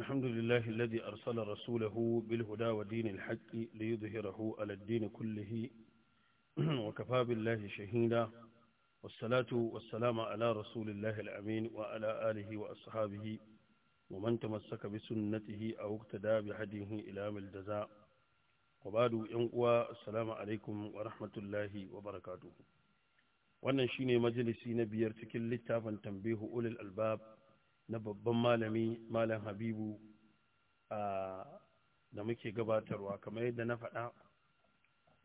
الحمد لله الذي أرسل رسوله بالهدى ودين الحق ليظهره على الدين كله وكفى بالله شهيدا والصلاة والسلام على رسول الله الأمين وعلى آله وأصحابه ومن تمسك بسنته أو اقتدى بهديه إلى الجزاء وبعد ينقوى السلام عليكم ورحمة الله وبركاته wannan shine majalisi na biyar cikin littafin tambihu ulil albab na babban malami malam habibu da muke gabatarwa kamar yadda na faɗa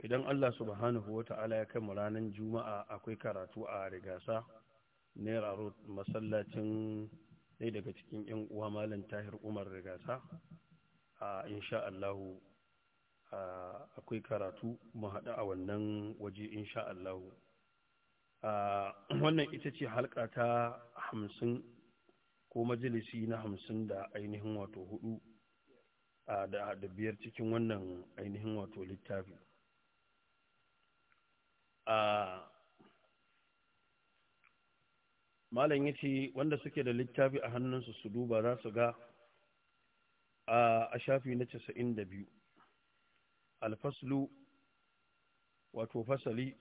idan allah subhanahu wa ta'ala ya mu ranar juma'a akwai karatu a rigasa naira road masallacin ɗaya daga cikin yan uwa malam tahir umar rigasa a insha allahu akwai karatu mu haɗu a wannan waje insha allahu wannan ita ce halka ta hamsin ko majalisi na hamsin da ainihin wato hudu da biyar cikin wannan ainihin wato littafi malam ya ce wanda suke da littafi a hannunsu su duba za su ga a shafi na casa'in da biyu alfaslu wato fasali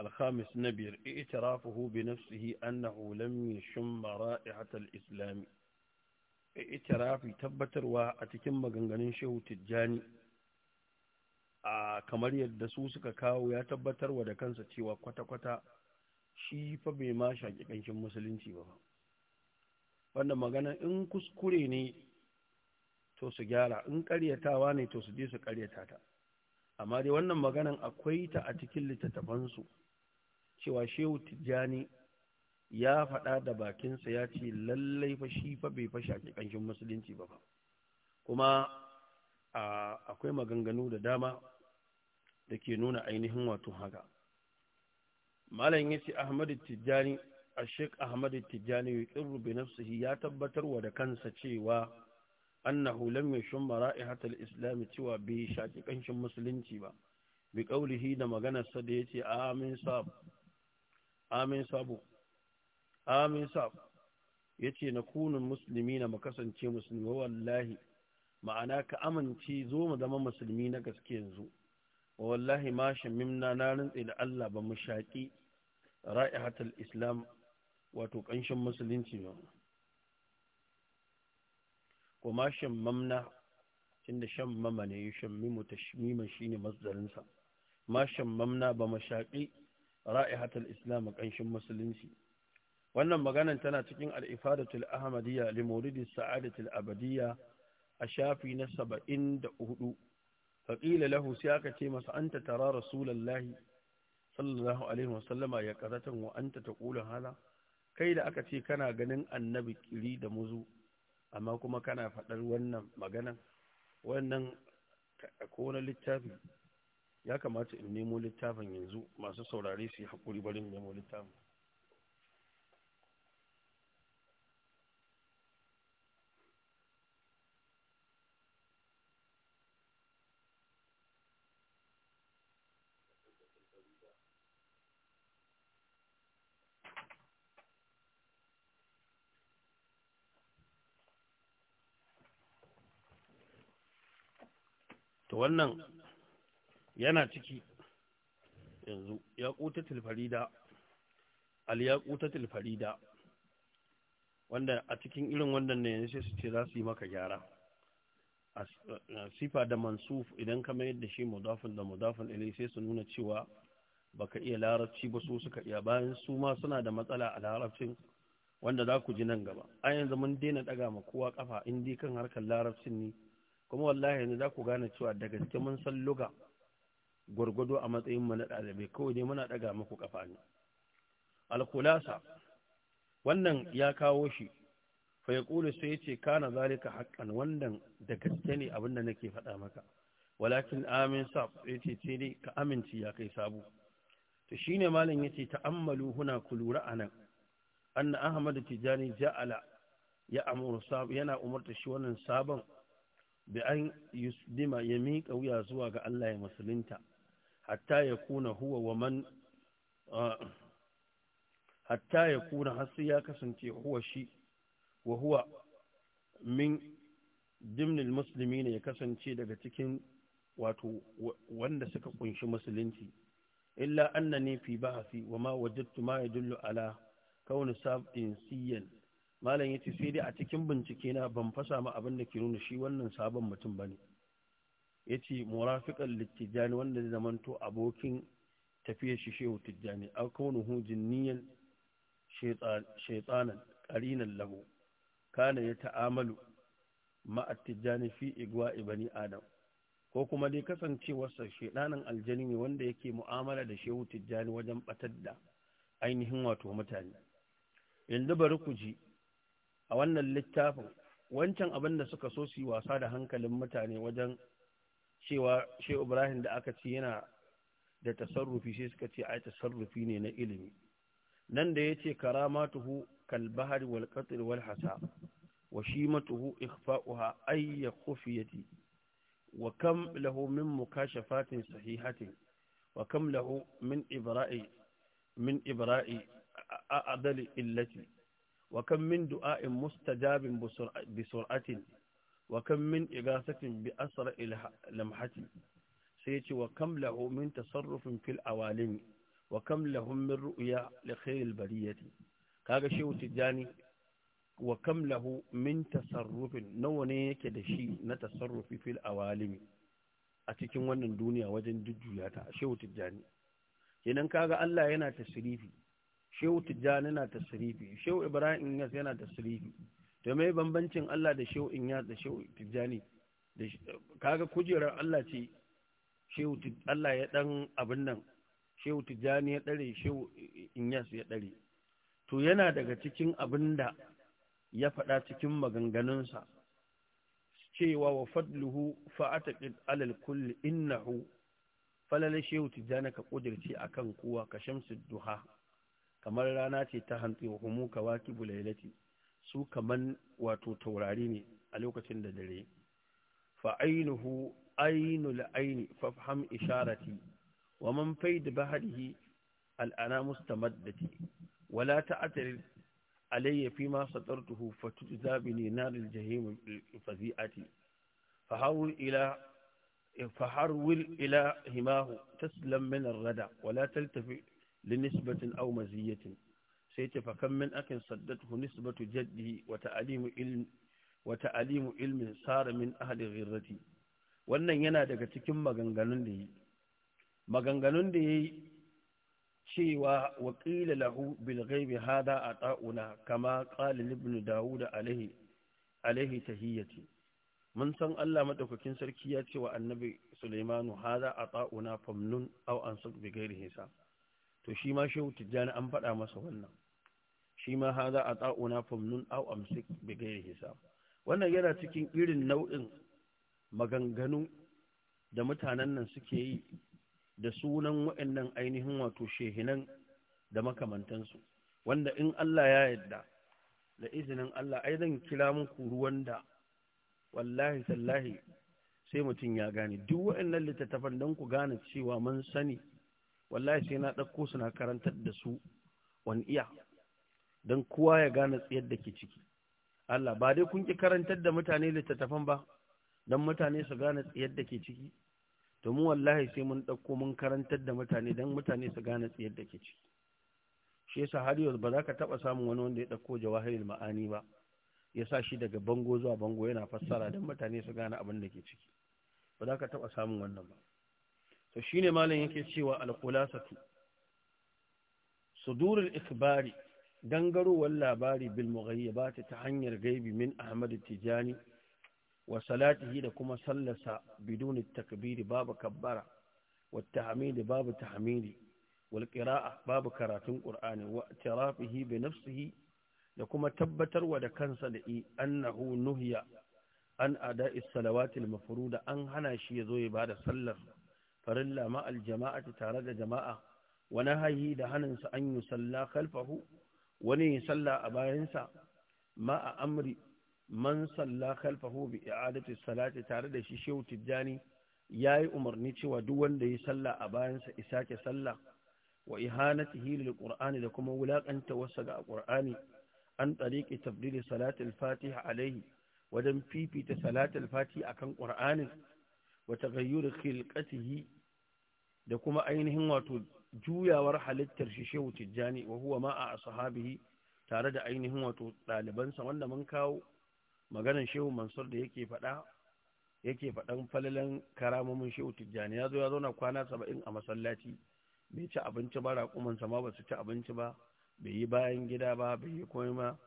na الخامس نبير اعترافه بنفسه أنه لم Islami. رائحة الإسلام اعترافي تبتر وأتكم مغنغنين شهو تجاني kamar yadda su suka kawo ya tabbatarwa da kansa cewa kwata-kwata shi fa bai ma shaƙi musulunci ba wannan magana in kuskure ne to su gyara in ƙaryatawa ne to su je su ƙaryata ta amma dai wannan maganan akwai ta a cikin littattafansu cewa shehu tijjani ya faɗa da bakinsa ya ce lallai fa shi fa bai fashe ake ƙanshin musulunci ba kuma akwai maganganu da dama da ke nuna ainihin wato haka malam ya ce ahmadu tijjani a shek ahmadu tijjani ya ƙirru bi nafsihi ya tabbatar wa da kansa cewa annahu lam yashum mara'ihatul islam cewa bai shaki ƙanshin musulunci ba bi qaulihi da maganarsa da yace amin sa amin sabo amin sabo ya na kunun musulmi na makasance musulmi wallahi ma'ana ka amince zo mu zama musulmi na gaske yanzu wallahi ma mimna na rantse da Allah ba mu shaki ra'ihatul islam wato kanshin musulunci ba kuma shammamna inda shammama ne ya shammimu tashmima shine masdarinsa ma shammamna ba mu shaƙi ra'ihatul islam kanshin musulunci wannan maganan tana cikin al-ifadatul ahmadiyya li muridi sa'adatul abadiyya a shafi na 74 faqila lahu sai aka ce masa anta tara rasulullahi sallallahu alaihi wasallama ya karatan wa anta taqulu hala kai da aka ce kana ganin annabi kiri da muzu amma kuma kana faɗar wannan maganan wannan ko na littafi ya kamata in nemo littafin yanzu masu saurare su yi haƙuri barin nemo littafin to wannan yana ciki yanzu kuta tilfarida al kuta tilfarida wanda a cikin irin wannan ne sai su ce za su yi maka gyara a sifa da mansuf idan ka mayar da shi mudafin da mudafin ilai sai su nuna cewa baka iya larabci ba su suka iya bayan su ma suna da matsala a larabcin wanda za ku ji nan gaba a yanzu mun daina daga ma kowa kafa in dai kan harkar larabcin ne kuma wallahi yanzu za ku gane cewa daga gaske mun san luga gwargwado a matsayin mu na ɗalibai kawai ne muna ɗaga muku kafa ne alkulasa wannan ya kawo shi fa ya ƙulu sai ce kana zalika haƙƙan wannan da gaske ne abin da nake faɗa maka walakin amin sa ya ce ce ne ka aminci ya kai sabu to shine malam yace ta'ammalu huna kulura anan anna ahmad tijani ja'ala ya amuru sab yana umarta shi wannan sabon bi an yusdima ya miƙa wuya zuwa ga Allah ya musulunta hatta ya kuna huwa wa man hatta ya kuna hasu ya kasance huwa shi wa huwa min dimnil musulmi ne ya kasance daga cikin wato wanda suka kunshi musulunci illa annani fi bahasi wa ma wajadtu ma dullu ala kauni sabin siyan malam ce sai dai a cikin bincike na ban fasa ma abin da ke nuna shi wannan sabon mutum ba ne. Ya yace murafiƙar littijani wanda zai zamanto abokin tafiyar shi shehu tijjani aw kaunuhu jinniyan shaytanan ƙarinan lahu kana ya ta'amalu ma'a tijjani fi igwa ibani adam ko kuma dai kasancewarsa shedanin aljani ne wanda yake mu'amala da shehu tijjani wajen batar da ainihin wato mutane yanzu bari ku ji a wannan littafin wancan abin da suka so su yi wasa da hankalin mutane wajen cewa shi ibrahim da aka ci yana da tasarrufi sai suka ce ai tasarrufi ne na ilimi nan da ya ce karamatuhu kalbahari wal walhasa wal hasa wa shimatuhu ikhfa'uha ay wa kam lahu min mukashafatin sahihatin wa kam lahu min ibra'i min ibra'i a'dali illati wa kam min du'a'in mustajabin bi sur'atin wa kam min igasatin bi asra lamhati sai ya ce wa kam lahu min tasarrufin fil awalin wa kam lahum min ru'ya li khairil bariyati kaga shehu tijani wa kam lahu min tasarrufin nawa ne yake da shi na tasarrufi fil awalin a cikin wannan duniya wajen jujjuya ta shehu tijani kenan kaga Allah yana tasrifi shehu tijjani yana tasrifi shehu ibrahim yana tasrifi to mai bambancin Allah da shehu inya da shehu tijjani kaga kujerar Allah ce shehu Allah ya dan abin nan shehu tijjani ya dare shehu in ya dare to yana daga cikin abin da ya faɗa cikin maganganunsa cewa wa fadluhu fa'ataqid alal kull innahu falal shehu tijjani ka kudirce akan kowa ka shamsu duha kamar rana ce ta hantsi wa humu kawaki bulailati su kaman wato taurari ne a lokacin da dare fa ainihu ainul aini fafham isharati wa man faid bahrihi ana mustamaddati wa la ta'tir alayya fi ma satartuhu fatujza nar al jahim al fazi'ati fahawil ila فحرول إلى هماه تسلم من الردع ولا تلتفت لنسبة أو مزية sai ce fa kan min akin saddatu nisbatu jaddi wa ta'limu ilmi wa ta'limu ilmin sara min ahli ghirrati wannan yana daga cikin maganganun da yi maganganun da yi cewa wa qila lahu bil ghaibi hada ata'una kama qala ibn daud alaihi alaihi tahiyati mun san Allah madaukakin sarki ya ce wa annabi Sulaimanu hada ata'una famnun aw ansuk bi ghairi hisab to shi ma shehu tijjani an faɗa masa wannan shi ma haza a tsauna famnun au amsik bi hisab wannan yana cikin irin nau'in maganganu da mutanen nan suke yi da sunan nan ainihin wato shehinan da makamantansu wanda in Allah ya yarda da izinin Allah ai zan kira muku ruwan da wallahi sallahi, sai mutum ya gane duk wa’annan littattafan don ku gane cewa mun sani wallahi sai na ɗauko suna karantar da su wani iya don kowa ya gane tsayar da ke ciki Allah ba dai kun ki karantar da mutane littattafan ba don mutane su gane tsayar da ke ciki to mu wallahi sai mun ɗauko mun karantar da mutane don mutane su gane tsayar da ke ciki shi yasa har yau ba za ka taɓa samun wani wanda ya ɗauko jawahirin ma'ani ba ya sa shi daga bango zuwa bango yana fassara don mutane su gane abin da ke ciki ba za ka taɓa samun wannan ba to shine malam yake cewa al su sudurul ikbari dangarowar labari bil mughayyabati ta hanyar gaibi min Ahmadu Tijani wa salatihi da kuma sallasa biduni takbiri babu kabbara wa tahmidi babu tahmidi wal qira'a babu karatun Qur'ani wa i'tirafihi bi nafsihi da kuma tabbatarwa da kansa da i annahu nuhiya an ada'i salawatil mafruda an hana shi yazo ya bada sallar farilla ma al jama'ati tare da jama'a wa nahayi da haninsa an yusalla khalfahu wani ya salla a bayansa ma a amri man salla khalfahu bi i'adati salati tare da shi shehu tijjani yayi umarni cewa duk wanda ya salla a bayansa isake salla wa ihanatihi lil qur'ani da kuma wulakanta wasa ga qur'ani an tariqi tabdili salati al-fatiha alaihi wajen fifita salati al-fatiha akan qur'anin wa taghayyur khilqatihi da kuma ainihin wato juyawar halittar shi shehu tijjani wa huwa ma'a ashabihi tare da ainihin wato ɗalibansa wanda mun kawo maganan shehu mansur da yake faɗa yake faɗan falalan karamomin shehu tijjani ya zo ya zauna kwana saba'in a masallaci bai ci abinci ba raƙumansa ma ba su ci abinci ba bai yi bayan gida ba bai yi komai ma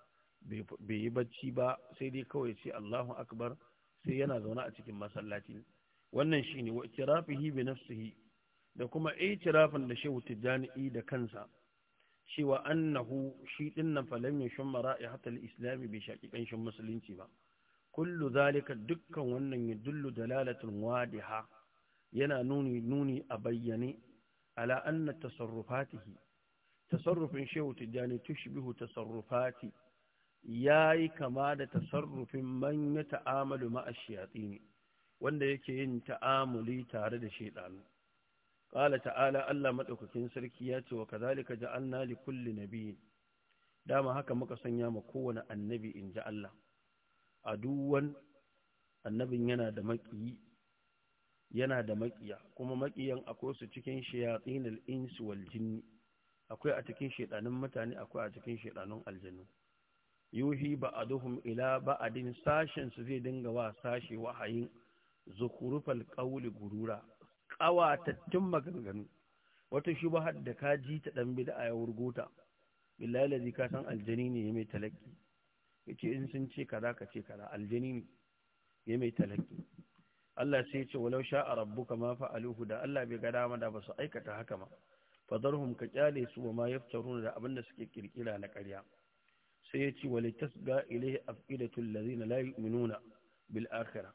bai yi bacci ba sai dai kawai sai Allahu akbar sai yana zaune a cikin masallaci wannan shine wa ikirafihi bi nafsihi da kuma itirafin da shehu tijjani da kansa cewa annahu shi dinnan falam yashun mara'i hatta al-islam bi shaqiqan shun musulunci ba kullu zalika dukkan wannan yadullu dalalatun wadiha yana nuni nuni a bayyane ala anna tasarrufatihi tasarrufin shehu tijjani tushbihu tasarrufati yayi kama da tasarrufin man ya ta'amalu ma'a shayatin wanda yake yin ta'amuli tare da shaytanu qala ta'ala Allah maɗaukakin sarki ya ce wa ji ja'alna li kulli nabiyyin dama haka muka sanya ma kowane annabi in ji Allah aduwan annabin yana da maƙiyi yana da maƙiya kuma maƙiyan akwai su cikin shayatsinil insu wal jinni akwai a cikin shedanin mutane akwai a cikin shedanun aljannu yuhi ba'aduhum ila ba'adin sashen su zai dinga wa sashe wahayin zukurufal ƙauli gurura ƙawatattun maganganu wata shubahar da ka ji ta ɗan bid'a ya wurgota billahi lazi ka san aljani ne ya mai talaki ce in sun ce kaza ka ce kaza aljani ne ya mai talaki Allah sai ya ce walau sha'a rabbuka ma fa'aluhu da Allah bai ga dama da basu aikata haka ma fadarhum ka kyale su wa ma yaftaruna da abinda suke kirkira na karya. sai ya ce walitasga ilayhi afidatul ladina la yu'minuna bil akhirah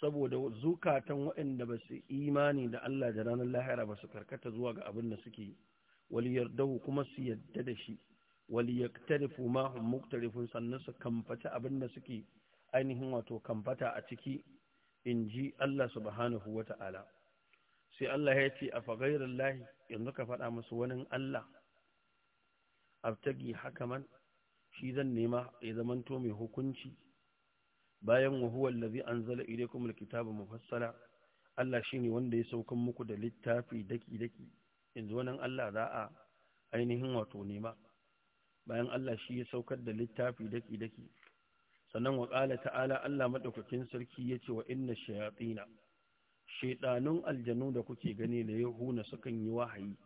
saboda zukatan waɗanda ba su imani da Allah da ranar lahira ba su karkata zuwa ga abin da suke wali yardahu kuma su yadda da shi wali tarifu ma muktarifun sannan su kamfata abin da suke ainihin wato kamfata a ciki in ji Allah subhanahu wa ta'ala sai Allah ya ce a fagairar lahi yanzu ka faɗa masu wani Allah haka man shi zan nema ya zamanto mai hukunci bayan wa huwa allazi anzala ilaykum alkitaba mufassala Allah shine wanda ya sauka muku da littafi daki daki yanzu wannan Allah za a ainihin wato nema bayan Allah shi ya saukar da littafi daki daki sannan wa qala ta'ala Allah maɗaukakin sarki yace wa inna shayatsina shaiɗanun aljanu da kuke gani da na sukan yi wahayi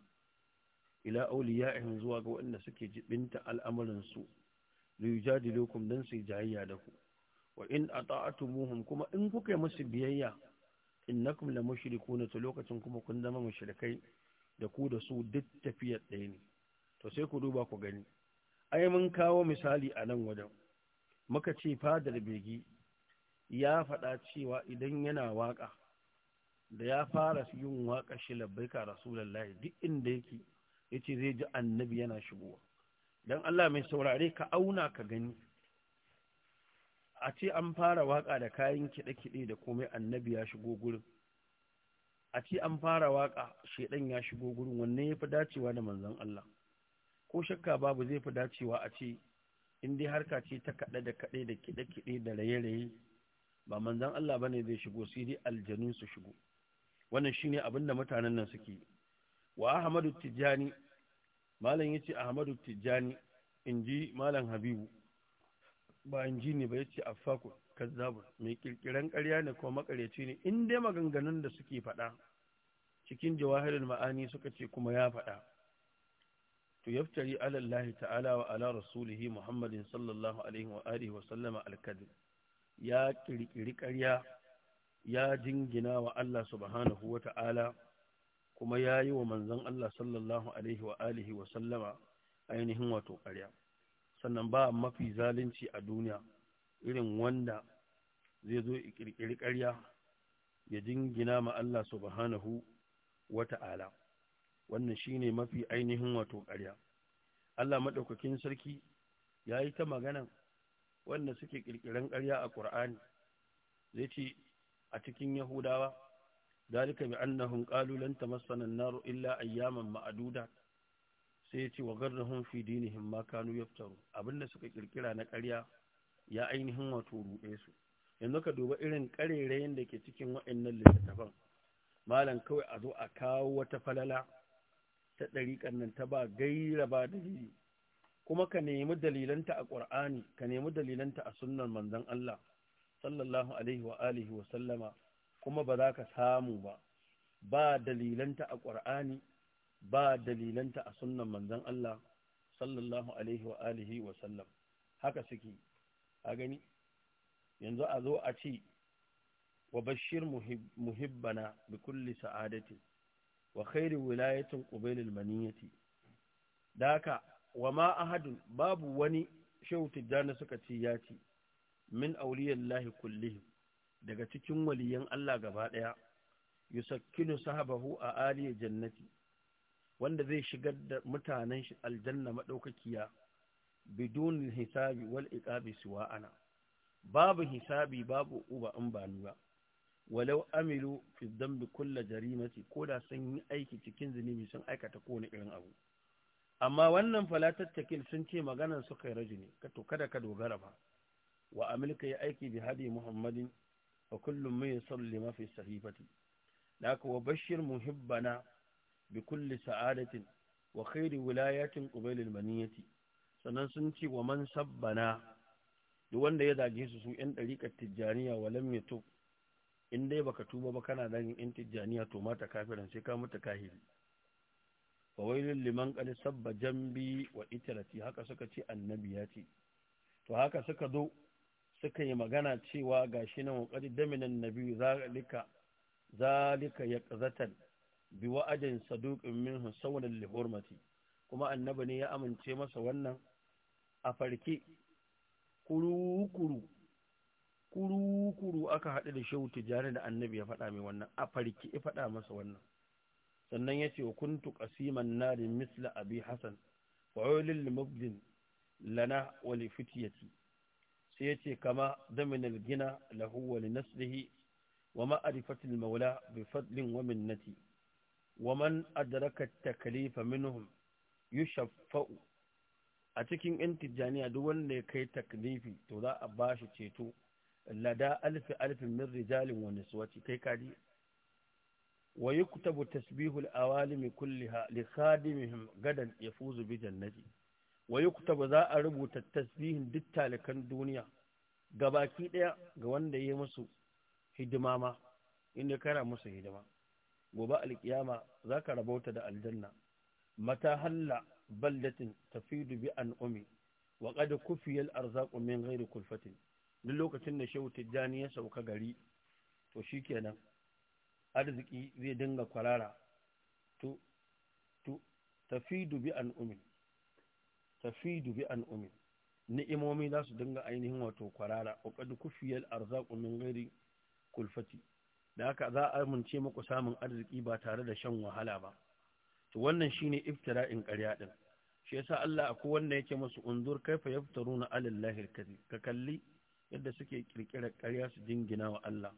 ila awliya'ihim zuwa ga wanda suke jibinta al'amuransu. su liyujadilukum dan su jayayya da ku wa in ata'atumuhum kuma in kuka yi musu biyayya innakum la mushrikuna to lokacin kuma kun zama mushrikai da ku da su duk tafiyar ɗaya ne to sai ku duba ku gani ai mun kawo misali a nan wajen muka ce fadar begi ya faɗa cewa idan yana waƙa da ya fara yin waƙa shi labbaika rasulullahi duk inda yake yace zai ji annabi yana shigowa dan Allah mai saurare ka auna ka gani a ce an fara waka da kayan kiɗe-kiɗe da komai annabi ya shigo gurin a ce an fara waka shaidan ya shigo gurin wannan ya fi dacewa da manzon Allah ko shakka babu zai fi dacewa a ce in dai harka ce ta kaɗe da kaɗe da kiɗe-kiɗe da raye-raye ba manzon Allah ne zai shigo sai dai aljanu su shigo wannan shine abin da mutanen nan suke wa Ahmadu Tijjani malam yace Ahmadu Tijjani inji malam Habibu ba in ji ne ba ya ce affaku kazzabun mai kirkiran ƙarya ne ko makaryaci ne in dai maganganun da suke faɗa cikin jawahirin ma'ani suka ce kuma ya faɗa to yaftari ala ta'ala wa ala rasulihi Muhammadin sallallahu alaihi wa alihi wa sallama al ya kirkiri ƙarya ya jingina wa Allah subhanahu wa ta'ala kuma ya yi wa manzon Allah sallallahu alaihi wa alihi wa sallama ainihin wato ƙarya sannan ba mafi zalunci a duniya irin wanda zai zo ƙirƙiri ƙarya ya jingina ma Allah subhanahu wa ta'ala wannan ne mafi ainihin wato ƙarya Allah maɗaukakin sarki ya yi ta magana wanda suke ƙirƙiran ƙarya a ƙur'ani zai ce a cikin yahudawa ذلك بأنهم قالوا لن تمسنا النار إلا أياما معدودة sai ya ce wa garrahun fi dinihim ma kanu fitaru abinda suka kirkira na karya ya ainihin wato ruɗe su yanzu ka duba irin ƙarerayen da ke cikin waɗannan littattafan malam kawai a zo a kawo wata falala ta ɗariƙan nan ta ba gaira ba dalili kuma ka nemi dalilanta a ƙur'ani ka nemi dalilanta a sunnar manzon Allah sallallahu alaihi wa alihi wa sallama kuma ba za ka samu ba ba dalilanta a ƙur'ani ba dalilanta a sunnan manzon Allah sallallahu alaihi wa alihi wa sallam haka suke a gani yanzu a zo a ce wa bashir muhibbana bi kulli sa'adati wa khairu wilayatin qubailil maniyati daka wa ma ahadun babu wani shehu na suka ce ya ci. min auliyallahi kullihi daga cikin waliyan Allah gaba daya yusakkinu sahabahu a aliyar jannati wanda zai shigar da mutanen shi aljanna madaukakiya bidun hisabi wal iqabi ana babu hisabi babu uba in ba ba walau amilu fi dambi kulla jarimati ko da sun yi aiki cikin zunubi sun aikata kowane irin abu amma wannan falatattakil sun ce maganar suka yi rajini to kada ka dogara ba wa amilka yi aiki bi hadi muhammadin wa kullum mai salli mafi sahifati da aka bashir muhibbana bi kulli sa'adatin wa khairi wilayatin qubailil maniyati sannan sun ce wa man sabbana duk wanda ya zage su su yan dariƙar tijjaniya wa lam in dai baka tuba ba kana dan yan tijjaniya to mata kafirin sai ka mutu kahiri fa wailul liman qad sabba jambi wa itrati haka suka ce annabi ce to haka suka zo suka yi magana cewa gashi nan wa qad daminan nabi zalika ya yaqzatan bi wa'adin saduqin minhu sawlan li hurmati kuma annabi ne ya amince masa wannan a farke kuru-kuru aka haɗu da shehu tijari da annabi ya faɗa mai wannan a farke ya faɗa masa wannan sannan ya ce wa kuntu ƙasiman nari misla abi hassan fa'olin limogin lana wali fitiyati sai ya ce kama daminal gina lahu li naslihi wa ma'arifatil maula bi fadlin wa minnati waman adraka takalifa minhum yushaffa'u a cikin yan tijjaniya duk wanda ya kai taklifi to za a bashi ceto lada alfi alfin min rijalin wa niswati kai kadi wa yuktabu tasbihu al-awalimi kulliha li khadimihim gadan yafuzu bi jannati wa yuktabu za a rubuta tasbihin duk talikan duniya baki ɗaya ga wanda ya yi musu hidima ma inda kara musu hidima gobe alkiyama ka rabauta da aljanna mata halla baldatin tafidu bi an umi wa qad kufiya al-arzaqu min ghairi kulfatin duk lokacin da shehu tijjani ya sauka gari to shikenan arziki zai dinga kwarara to to tafidu bi an umi tafidu bi an umi ni'imomi za su dinga ainihin wato kwarara wa qad kufiya al-arzaqu min ghairi kulfati da haka za a amince muku samun arziki ba tare da shan wahala ba to wannan shine iftira'in ƙarya din shi yasa Allah akwai wanda yake musu unzur kaifa yaftaruna alallahi alkazi ka kalli yadda suke kirkirar ƙarya su dingina wa Allah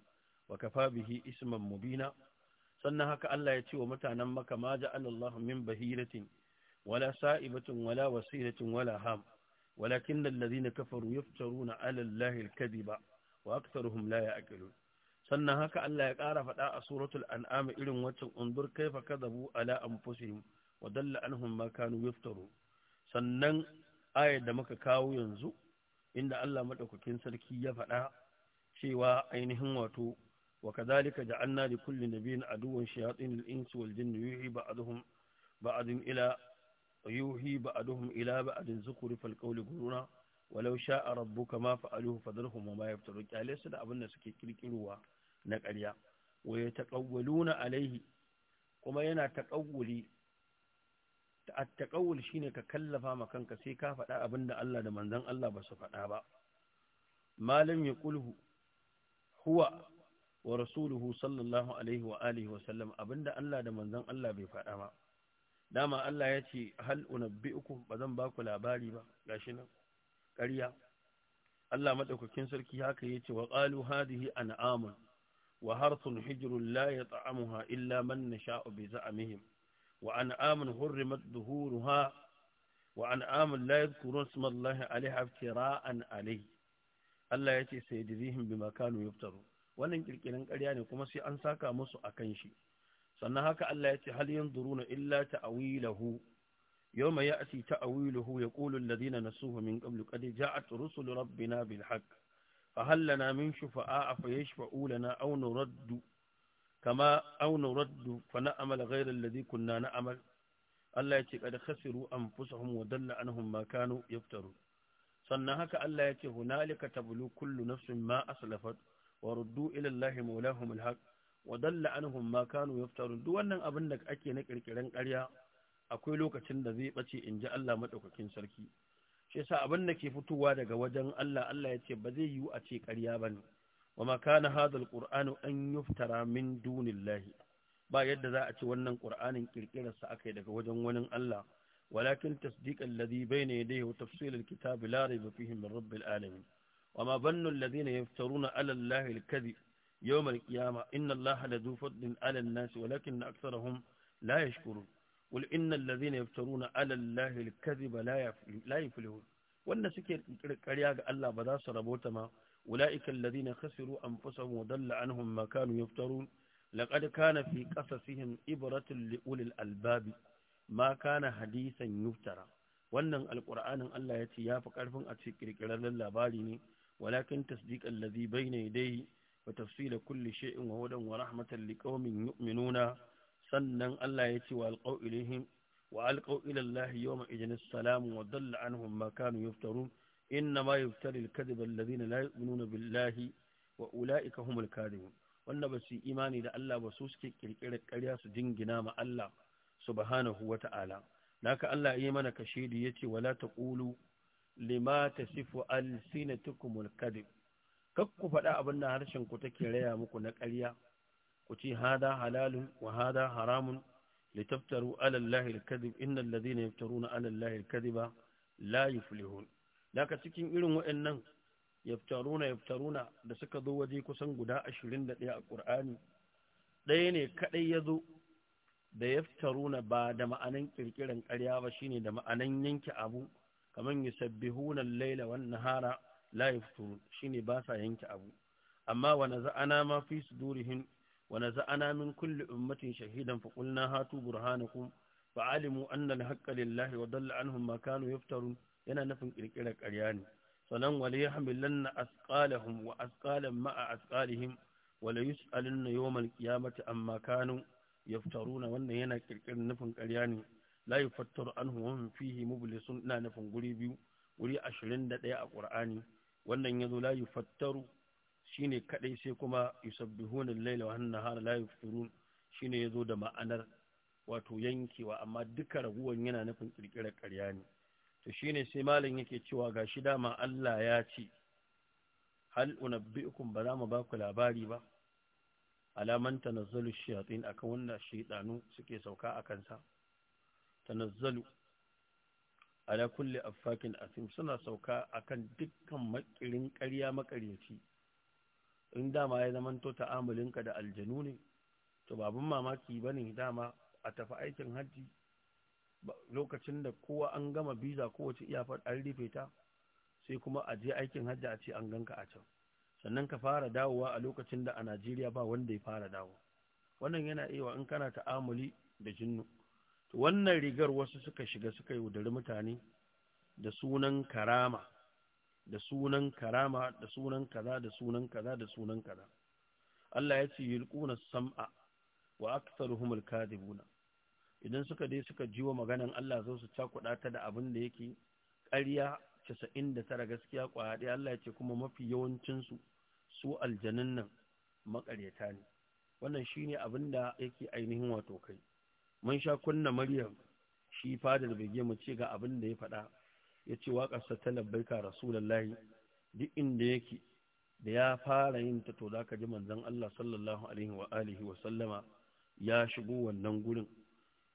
wa kafa bihi isman mubina sannan haka Allah ya ce wa mutanen maka ma ja'alallahu min bahiratin wala sa'ibatin wala wasilatin wala ham walakin alladhina kafaru yaftaruna alallahi alkaziba wa aktharuhum la ya'qilun sannan haka Allah ya ƙara faɗa a suratul an'am irin waccan undur kaifa kadabu ala anfusihim wa dalla anhum ma kanu yaftaru sannan ayar da muka kawo yanzu inda Allah madaukakin sarki ya faɗa cewa ainihin wato wa kadhalika ja'alna li kulli nabiyyin aduwwan shayatin al-insi wal jinni yuhi ba'dhum ba'dhum ila yuhi ba'dhum ila ba'dhin zukuri fal qawli guruna walau sha'a rabbuka ma fa'aluhu fadharhum wa ma yaftaru kyale su da abin da suke kirkirowa na ƙarya wa ya taƙawwaluna alaihi kuma yana taƙawwuli at-taqawul shine ka kallafa ma kanka sai ka faɗa abinda Allah da manzon Allah ba su faɗa ba malam ya kulhu huwa wa rasuluhu sallallahu alaihi wa alihi wa sallam abinda Allah da manzon Allah bai faɗa ba dama Allah ya ce hal unabbi bazan ba ku labari ba gashi nan ƙarya Allah maɗaukakin sarki haka ya wa qalu hadihi an'amun wa harsun hijirun la ya ta'amuha illa man na sha'u a za'amihim wa an amin hurrimat ha wa an amin la ya kurun su mallahi alaiha kira'an alai Allah ya ce sai dirihim bi makanu yuftaru wannan kirkirin ƙarya ne kuma sai an saka musu a kan shi sannan haka Allah ya ce hal duruna illa ta'awilahu ta'awilahu ya'ti ta'awiluhu yaqulu na nasuhu min ƙablu qad ja'at rusulu rabbina bil haqq فهل من شفعاء فيشفعوا لنا أو نرد كما أو نرد فنأمل غير الذي كنا نأمل Allah ya ce kada khasiru anfusahum wa dalla anhum ma ya yaftaru sannan haka Allah ya ce hunalika tablu kullu nafsin ma aslafat wa ruddu ila Allah mawlahum alhaq wa dalla anhum ya kanu yaftaru duk wannan abin da ake na kirkiran ƙarya akwai lokacin da zai ɓace in ji Allah maɗaukakin sarki shi abin da ke fitowa daga wajen Allah Allah ya ce ba zai yiwu a ce ƙarya ba ne wa makana hadal qur'anu an fitara min dunillahi ba yadda za a ce wannan ƙirƙirarsa kirkirarsa akai daga wajen wani Allah walakin tasdiqan ladhi bayna dai wa tafsirin kitabi la rayba fihi min rabbil alamin وما ظن الذين يفترون على الله Inna يوم da إن الله لذو فضل على الناس ولكن أكثرهم لا shukuru. qul innal ladhina yaftaruna ala allahi al wanda suke ƙarya ga Allah ba za su rabota ma ulaika alladhina khasiru anfusahum wa dalla anhum ma kanu yaftarun laqad kana fi qasasihim ibratun li ulil albabi ma kana hadisan yuftara wannan alqur'anin Allah ya ce ya fi karfin a ce kirkirarren labari ne walakin tasdiq allazi bayna yadayhi wa tafsila kulli shay'in wa hudan wa rahmatan liqaumin yu'minuna sannan Allah ya ce wa alqau ilaihim wa alqau ila Allah yawma idin salam wa dalla anhum ma kanu yaftarun inna ma yaftari al-kadhib la billahi wa ulaika humul kadhibun wanda ba su imani da Allah ba su suke kirkirar ƙarya su jingina ma Allah subhanahu wa ta'ala naka Allah ya yi mana ya ce wala ƙulu lima tasifu alsinatukum al kakku faɗa abin da harshen ku take raya muku na ƙarya ku ce hada halalun wa hada haramun litaftaru ala Allah al-kadhib yaftaruna ala Allah la yuflihun daga cikin irin waɗannan yaftaruna yaftaruna da suka zo waje kusan guda 21 a Qur'ani ɗaya ne kadai yazo da yaftaruna ba da ma'anan kirkiran ƙarya ba shine da ma'anan yanke abu kaman yusabbihuna al-laila wan nahara la yafturun shine ba sa yanke abu amma wa naza'ana ma fi sudurihim ونزعنا من كل أمة شهيدا فقلنا هاتوا برهانكم فعلموا أن الحق لله وضل عنهم ما كانوا يفترون yana nufin kirkirar ƙarya ne sanan wale ya hamilan na asƙalahum wa asƙalan ma'a asƙalihim wale yus'alin na yawmal qiyamati amma kanu yaftaruna wannan yana kirkirar nufin ƙarya ne la yufattaru anhum wa hum fihi mublisun ina nufin guri biyu guri 21 a Qur'ani wannan yazo la shine kadai sai kuma yusabbihuna al-laila wa an-nahara la yafturun shine yazo da ma'anar wato yankewa amma duka raguwan yana nufin kirkirar ƙarya ne to shine sai malam yake cewa gashi dama Allah ya ce hal unabbi'ukum ba za mu ba ku labari ba alaman tanazzalu shayatin akan wannan shaydanu suke sauka a kansa tanazzalu ala kulli affakin asim suna sauka akan dukkan makirin ƙarya makaryaci in dama ya zamanto ta'amulinka da aljanu ne to babun mamaki bane dama a tafi aikin hajji lokacin da kowa an gama biza kowace iyafar an rufe ta sai kuma a je aikin hajji a ce an ganka a can sannan ka fara dawowa a lokacin da a najeriya ba wanda ya fara dawo wannan yana iya in kana ta'amuli da jinnu wannan rigar wasu suka shiga suka yaudari mutane da sunan karama da sunan karama da sunan kaza da sunan kaza da sunan kaza Allah ya ce yulquna sam'a wa aktharuhum alkadibuna idan suka dai suka jiwa maganan Allah zo su cakuɗa ta da abin da yake ƙarya 99 gaskiya kwaɗe Allah ya ce kuma mafi yawancin su su aljannan nan makaryata ne wannan shine abin da yake ainihin wato kai mun sha kunna Maryam shi fadar bege mu ce ga abin da ya faɗa ya ce waƙarsa ta labbaika rasulallahi duk inda yake da ya fara yin ta to zaka ji manzan Allah sallallahu alaihi wa alihi wa sallama ya shigo wannan gurin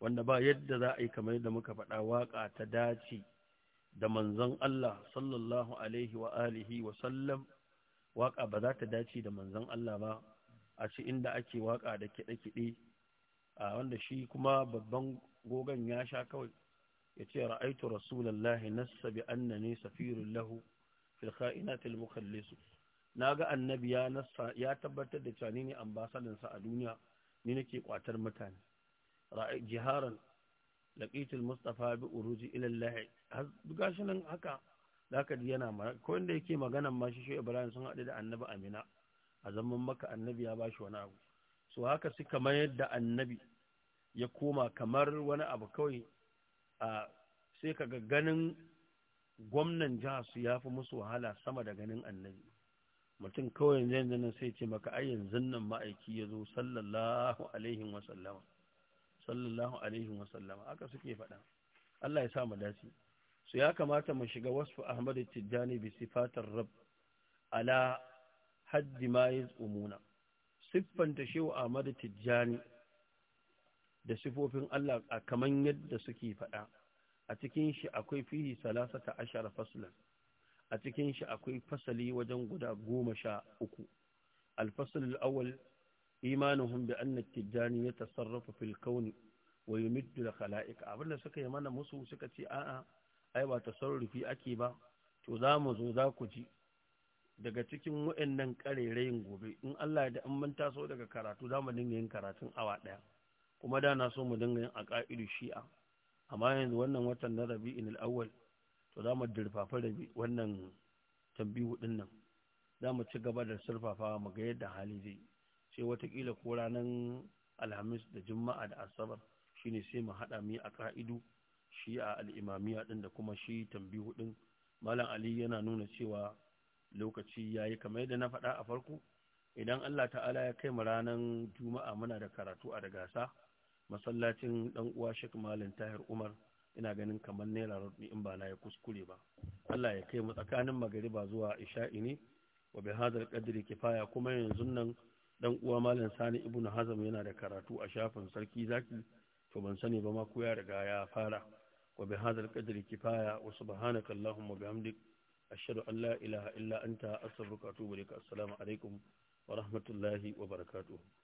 wanda ba yadda za a yi kamar da muka faɗa waƙa ta dace da manzan Allah sallallahu alaihi wa alihi wa sallam waƙa ba za ta dace da manzan Allah ba a ci inda ake waƙa da kiɗe-kiɗe a wanda shi kuma babban gogon ya sha kawai ya ce ra'aitu rasulullahi nassa bi annani safirun lahu fil kha'inatil mukhallisu na ga annabi ya nassa ya tabbatar da cewa ne ambasadan sa a duniya ni nake kwatar mutane ra'i jiharan laqitul mustafa bi uruji ila allah gashi nan haka zaka ji yana ko inda yake maganan ma shi Ibrahim sun haɗu da annabi Amina a zaman maka annabi ya bashi wani abu so haka suka mayar da annabi ya koma kamar wani abu kawai sai ka ga ganin gwamnan jihar su ya fi musu wahala sama da ganin annabi mutum kawai yanzu nan sai ce maka ai yanzu nan ma'aiki ya zo sallallahu alaihi wasallama sallallahu alaihi wasallama aka suke faɗa Allah ya sa mu dace su ya kamata mu shiga wasu Ahmad Tijjani bi sifatar Rabb ala haddi ma yazumuna siffanta shehu Ahmad Tijjani da sifofin Allah a kamar yadda suke faɗa a cikin shi akwai fihi salasata ashara faslan a cikin shi akwai fasali wajen guda goma sha uku الفصل الأول da بأن abinda suka في suka ويمد لخلائق أبدا سكا ai ba tasarrufi ake ba. To za mu zo za ku ji. daga cikin waɗannan ƙarerayin gobe in Allah ya da an manta so daga karatu za mu dinga yin karatun awa ɗaya kuma da na so mu dinga yin aqaidu shi'a amma yanzu wannan watan na rabi'in al-awwal to za mu dirfafa rabi wannan tambihu din nan za mu ci gaba da surfafa mu ga yadda hali zai sai watakila ko ranar alhamis da juma'a da asabar shine sai mu haɗa mi a ka'idu shi'a a al'imamiya ɗin da kuma shi tambihu din malam ali yana nuna cewa lokaci yayi kamar yadda na faɗa a farko idan allah ta'ala ya kai mu ranan juma'a muna da karatu a da gasa masallacin dan uwa Sheikh Malam Tahir Umar ina ganin kamar naira rubi in ba na ya kuskure ba Allah ya kai mu tsakanin magariba zuwa isha'i ne wa bi hadal qadri kifaya kuma yanzu nan dan uwa Malam Sani Ibn Hazm yana da karatu a shafin sarki zaki to ban sani ba ma ku ya riga ya fara wa bi hadal qadri kifaya wa subhanaka allahumma bihamdik ashhadu an la ilaha illa anta astaghfiruka wa atubu ilaik assalamu alaikum wa rahmatullahi wa barakatuh